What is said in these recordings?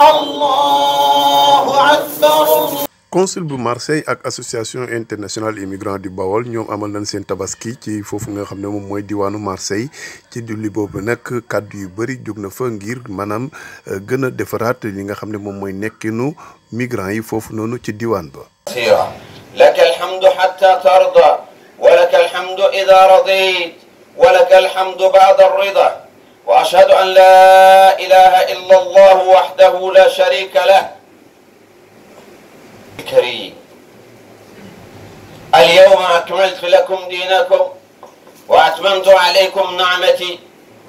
allah consul bu Marseille ak association internationale immigrants du Bawol ñoom amal nañ seen tabaski ci foofu nga xam ne moom mooy diwaanu Marseille ci julli boobu nag kàddu yu bari jóg na fa ngir maanaam euh, gëna defaraat li nga xam ne moom mooy nekkinu migrants yi foofu noonu ci diwaan ba وأشهد أن لا إله إلا الله وحده لا شريك له كريم اليوم أكملت لكم دينكم وأتممت عليكم نعمتي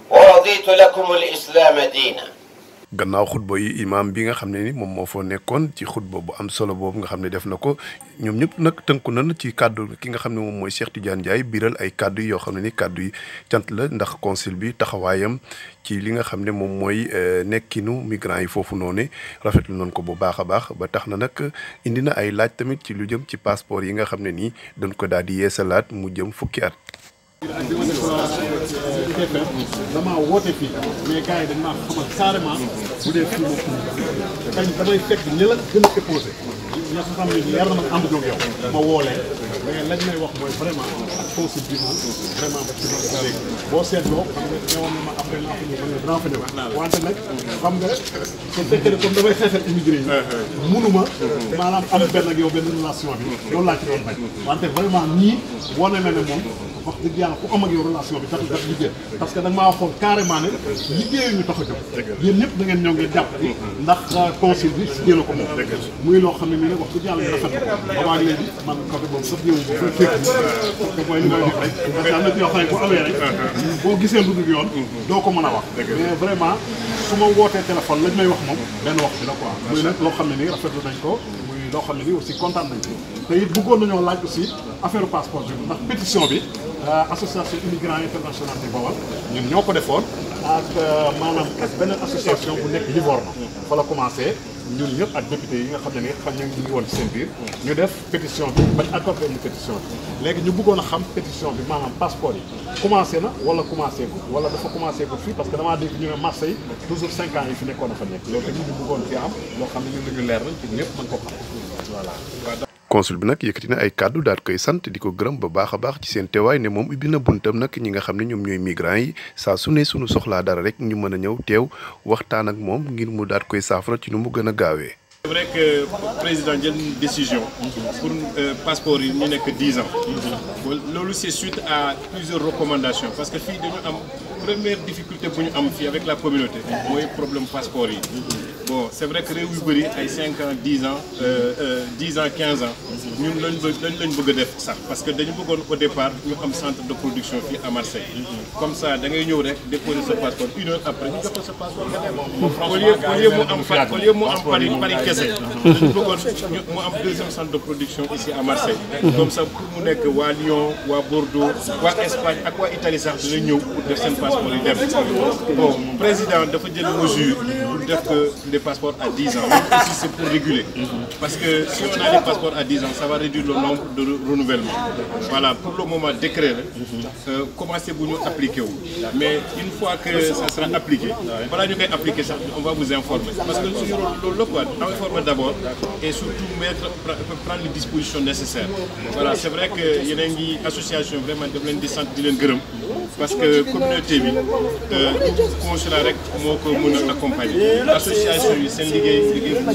ورضيت لكم الإسلام دينا gannaaw xutba yi imaam bi nga xam ne ni moom moo foo nekkoon ci xutba bu am solo boobu nga xam ne def na ko ñoom ñëpp nag tënku na ci kàddu ki nga xam ne moom mooy Cheikh Tidiane Ndiaye ay kàddu yoo xam ne ni kàddu cant la ndax conseil bi taxawaayam ci li nga xam ne moom mooy euh, nekkinu migrants yi foofu noonu lu noon ko bu baax a baax ba tax na nag indi na ay laaj tamit ci lu jëm ci passeport yi nga xam ne nii dañ ko daal di yeesalaat mu jëm fukki at. TFM damaa woote fii mais gars yi dañ maa xamal carrément bu dee fii moom kañ damay fekk ñi la gën a déposé ña nga xam ne ni yar na ma ànd wax mooy vraiment foofu bi moom vraiment ba ci ma léegi boo seetloo naa ko ñëw na xam nga su fekkee ne comme damay xeexal immigré yi uh-huh. munuma maanaam am benn ak yow benn relation bi uh-huh. loolu laa ci doon bañ ne moom wax dëgg yàlla ku am ak relation bi tax daf liggéey parce que da nga maa waxoon carrément ne ñu tax a jóg yéen ñëpp da ngeen ñoo ngi jàpp bi ndax conseil bi si la ko moom muy loo xam ne nii nag wax dëgg yàlla ñu rafet am boo gisee lu dul yoon doo ko mën a wax mais vraiment su ma wootee téléphone lañ may wax moom benn wax bi la quoi muy nag loo xam ne nii rafetlu nañ ko muy loo xam ne nii aussi kontaan nañ ko te it bëggoon nañoo laaj aussi affaire passeport bi ndax pétition bi euh, association immigrants internationale di Bawal ñun ñoo ko defoon ak euh, maanaam ak beneen association bu nekk Livorno fa la commencé ñun ñëpp ak député yi nga xam ne ni xam ñu ngi woon ci ñu def pétition bi bañ accordé ñu pétition ñu bëggoon a xam pétition bi maanaam passeport yi commencé na wala commencé ko wala dafa commencé ko fii parce que damaa dégg ñu ne Marseille toujours cinq ans yi fi nekkoon a fa nekk loolu tamit ñu bëggoon fi am loo ne ñun lu ñëpp mën ko consul bi nag yëkkati na ay kàddu daal koy sant di ko gërëm ba baax a baax ci seen teewaay ne moom ubbi na buntam nag ñi nga xam ne ñoom ñooy migrants yi saa su ne suñu soxlaa dara rek ñu mën a ñëw teew waxtaan ak moom ngir mu daal koy saafara ci nu mu gën a gaawee. c'est vrai que président jël décision pour euh, passeport yi ñu nekk dix ans loolu c'est suite à plusieurs recommandations parce que fii dañu am première difficulté bu ñu am fii avec la communauté mooy problème passeport yi bon c'est vrai que réew yu bëri ay 5 ans 10 ans 10 euh, euh, ans 15 ans ñun lañ bëgg lañ lañ bëgg a def sax parce que dañu bëggoon au départ ñu am centre de production fii à Marseille comme ça da ngay ñëw rek pour mu nekk waa Lyon waa Bordeaux waa Espagne ak waa Italie sax dinañ ñëw def seen passeport yi dem bon président dafa jël mesure pour def que des passeports à 10 ans, même si c'est pour réguler. Parce que si on a des passeports à 10 ans, ça va réduire le nombre de renouvellements. Voilà, pour le moment, décret, euh, commencez nous appliquer. Mais une fois que ça sera appliqué, voilà, nous appliquer Parce que sur le local, informer d'abord et surtout mettre, prendre les dispositions nécessaires. Voilà, c'est vraiment de descente di leen gërëm parce que communauté bi euh, consulat rek moo ko mën a association yi seen liggéey liggéey bu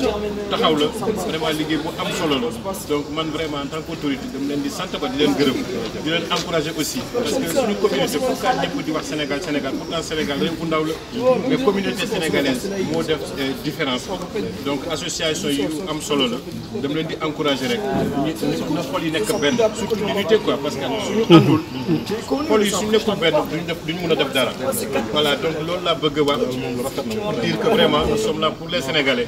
taxaw la vraiment liggéey bu am solo la donc man vraiment en tant autorité dama leen di sant ko di leen gërëm di leen encourager aussi parce que suñu communauté pourtant ñëpp di wax Sénégal Sénégal pourtant Sénégal réew bu ndaw la mais communauté sénégalaise moo def euh, différence donc di ñu na xool yi parce que suñu àndul yi suñu nekkul benn duñu def duñu a def dara voilà donc loolu laa bëgg a wax pour dire que vraiment nous sommes là pour les Sénégalais.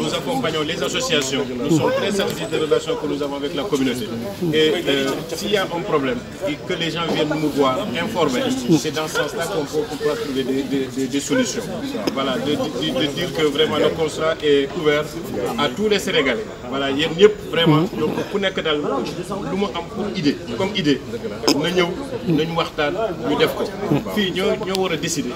Nous accompagnons les associations. Nous sommes très sensibles des relations que nous avons avec la communauté. Et euh, s'il y a un problème et que les gens viennent nous voir, informer, c'est dans sens-là qu'on peut, qu trouver des, solutions. Voilà, de, dire que vraiment le constat est ouvert à tous les Sénégalais. Voilà, yéen vraiment ñoom ku nekk daal lu mu am pour idée comme idée na ñëw nañu waxtaan ñu def ko. a décider.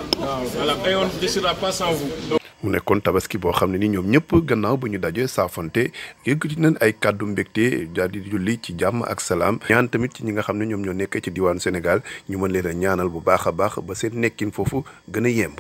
Voilà, ne décidera pas sans vous. mu nekkoon tabaski boo xam ne ni ñoom ñëpp gannaaw ba ñu dajee saafante yëkkati nañ ay kàddu mbégte daal di julli ci jàmm ak salaam ñaan tamit ci ñi nga xam ne ñoom ñoo nekkee ci diwaanu Sénégal ñu mën leen a ñaanal bu baax a baax ba seen nekkin foofu gën a yemb